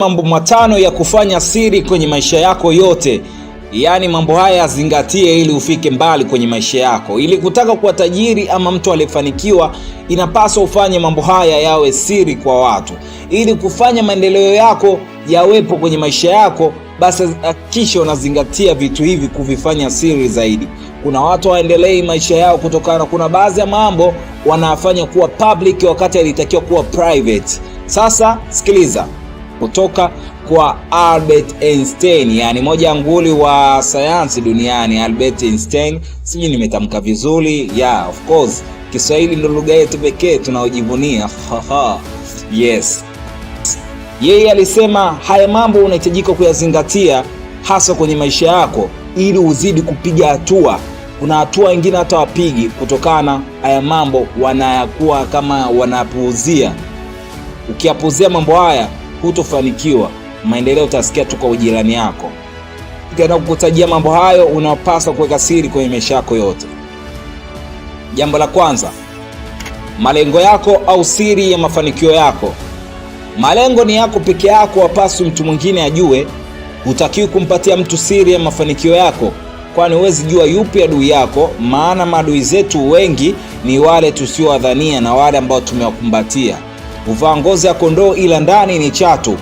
Mambo matano ya kufanya siri kwenye maisha yako yote, yaani mambo haya yazingatie ili ufike mbali kwenye maisha yako. Ili kutaka kuwa tajiri ama mtu aliyefanikiwa, inapaswa ufanye mambo haya yawe siri kwa watu. Ili kufanya maendeleo yako yawepo kwenye maisha yako, basi hakikisha unazingatia vitu hivi kuvifanya siri zaidi. Kuna watu waendelei maisha yao kutokana, kuna baadhi ya mambo wanafanya kuwa public wakati alitakiwa kuwa private. Sasa sikiliza kutoka kwa Albert Einstein, yani moja nguli wa sayansi duniani Albert Einstein. Sijui nimetamka vizuri yeah, of course Kiswahili ndo lugha yetu pekee tunaojivunia. Yes, yeye alisema haya mambo unahitajika kuyazingatia hasa kwenye maisha yako ili uzidi kupiga hatua. Kuna hatua wengine hata wapigi kutokana haya mambo wanayakuwa kama wanapuuzia. Ukiyapuuzia mambo haya hutofanikiwa. Maendeleo utasikia tu kwa ujirani yako. Nikaenda kukutajia mambo hayo, unapaswa kuweka siri kwenye maisha yako yote. Jambo la kwanza, malengo yako au siri ya mafanikio yako. Malengo ni yako peke yako, wapaswi mtu mwingine ajue. Hutakiwi kumpatia mtu siri ya mafanikio yako, kwani huwezi jua yupi adui yako, maana maadui zetu wengi ni wale tusiowadhania na wale ambao tumewakumbatia huvaa ngozi ya kondoo ila ndani ni chatu.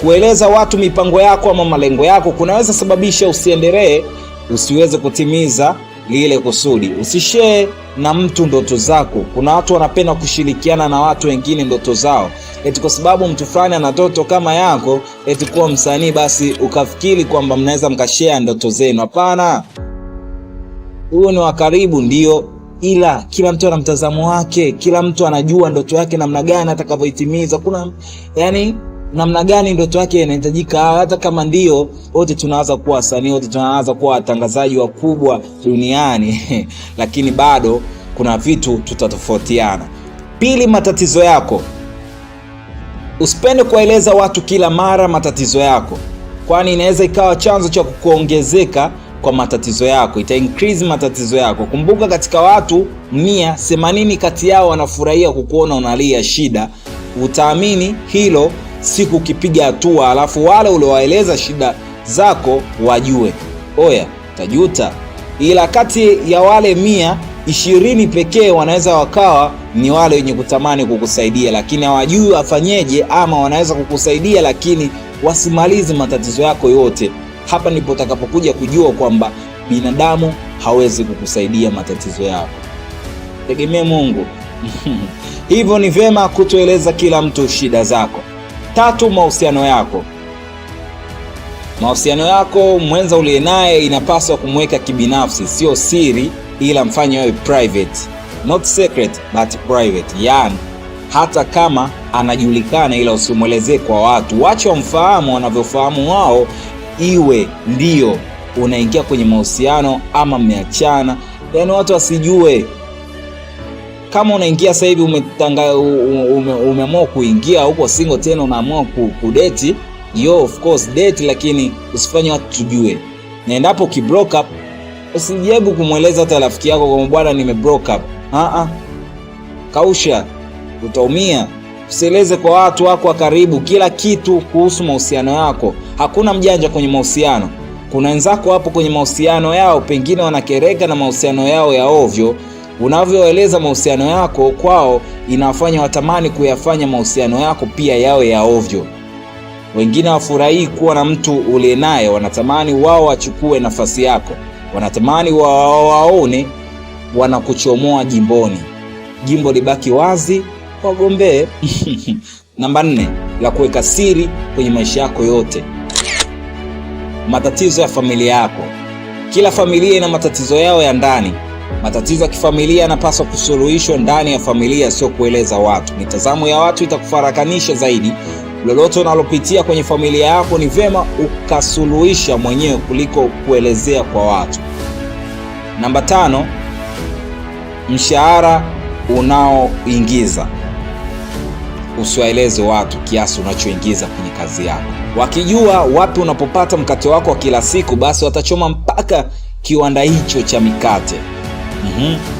Kueleza watu mipango yako ama malengo yako kunaweza sababisha usiendelee, usiweze kutimiza lile kusudi. Usishee na mtu ndoto zako. Kuna watu wanapenda kushirikiana na watu wengine ndoto zao, eti kwa sababu mtu fulani ana ndoto kama yako, eti kuwa msanii, basi ukafikiri kwamba mnaweza mkashare ndoto zenu. Hapana, huyo ni wa karibu, ndio ila kila mtu ana mtazamo wake, kila mtu anajua ndoto yake namna gani atakavyoitimiza. Kuna yani namna gani ndoto yake inahitajika, hata kama ndio wote tunaanza kuwa wasanii, wote tunaanza kuwa watangazaji wakubwa duniani lakini bado kuna vitu tutatofautiana. Pili, matatizo yako, usipende kuwaeleza watu kila mara matatizo yako, kwani inaweza ikawa chanzo cha kukuongezeka kwa matatizo yako, ita increase matatizo yako. Kumbuka katika watu mia themanini kati yao wanafurahia kukuona unalia shida, utaamini hilo siku kipiga hatua, alafu wale uliowaeleza shida zako wajue, oya, tajuta. Ila kati ya wale mia ishirini pekee wanaweza wakawa ni wale wenye kutamani kukusaidia, lakini hawajui wafanyeje, ama wanaweza kukusaidia lakini wasimalize matatizo yako yote. Hapa ndipo utakapokuja kujua kwamba binadamu hawezi kukusaidia matatizo yako, tegemea Mungu. Hivyo ni vyema kutoeleza kila mtu shida zako. Tatu, mahusiano yako. Mahusiano yako mwenza uliye naye inapaswa kumweka kibinafsi, sio siri, ila mfanye wewe private, not secret but private. Yani hata kama anajulikana, ila usimwelezee kwa watu, wache wamfahamu wanavyofahamu wao, iwe ndio unaingia kwenye mahusiano ama mmeachana, yaani watu wasijue kama unaingia sasa hivi umetanga umeamua kuingia huko single tena, unaamua kudeti, yo of course date, lakini usifanye watu tujue, na endapo ki broke up usijebu kumweleza hata rafiki yako kwamba bwana nime broke up. Ah ah, kausha, utaumia usieleze kwa watu wako wa karibu kila kitu kuhusu mahusiano yako. Hakuna mjanja kwenye mahusiano. Kuna wenzako hapo kwenye mahusiano yao, pengine wanakereka na mahusiano yao ya ovyo. Unavyoeleza mahusiano yako kwao, inawafanya watamani kuyafanya mahusiano yako pia yawe ya ovyo. Wengine wafurahii kuwa na mtu uliye naye, wanatamani wao wachukue nafasi yako, wanatamani waone wanakuchomoa jimboni, jimbo libaki wazi wagombee. Namba nne, la kuweka siri kwenye maisha yako yote, matatizo ya familia yako. Kila familia ina matatizo yao ya ndani. Matatizo ya kifamilia yanapaswa kusuluhishwa ndani ya familia, sio kueleza watu. Mitazamo ya watu itakufarakanisha zaidi. Lolote unalopitia kwenye familia yako ni vyema ukasuluhisha mwenyewe kuliko kuelezea kwa watu. Namba tano, mshahara unaoingiza usiwaeleze watu kiasi unachoingiza kwenye kazi yako. Wakijua wapi unapopata mkate wako wa kila siku, basi watachoma mpaka kiwanda hicho cha mikate. mm-hmm.